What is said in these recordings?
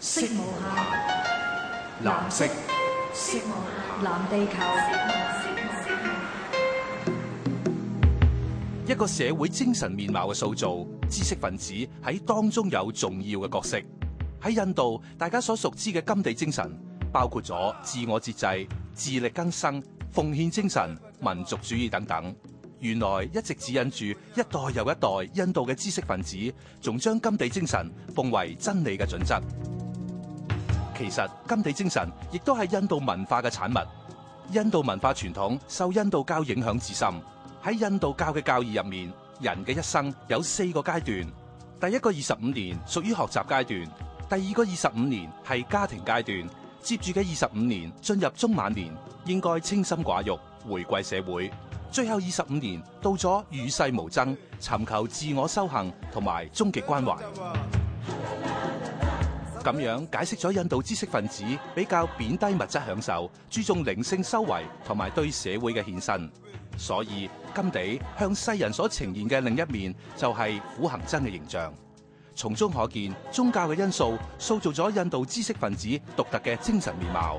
色無限，藍色，色下藍地球。一個社會精神面貌嘅塑造，知識分子喺當中有重要嘅角色。喺印度，大家所熟知嘅甘地精神，包括咗自我節制、自力更生、奉獻精神、民族主義等等。原來一直指引住一代又一代印度嘅知識分子，仲將甘地精神奉為真理嘅準則。其實，甘地精神亦都係印度文化嘅產物。印度文化傳統受印度教影響至深。喺印度教嘅教義入面，人嘅一生有四個階段。第一個二十五年屬於學習階段，第二個二十五年係家庭階段，接住嘅二十五年進入中晚年，應該清心寡欲，回歸社會。最後二十五年到咗與世無爭，尋求自我修行同埋終極關懷。咁樣解釋咗印度知識分子比較貶低物質享受，注重靈性修為同埋對社會嘅獻身。所以，甘地向世人所呈現嘅另一面就係苦行僧嘅形象。從中可見，宗教嘅因素塑造咗印度知識分子獨特嘅精神面貌。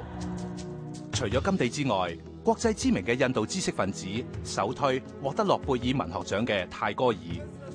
除咗甘地之外，國際知名嘅印度知識分子，首推獲得諾貝爾文學獎嘅泰戈爾。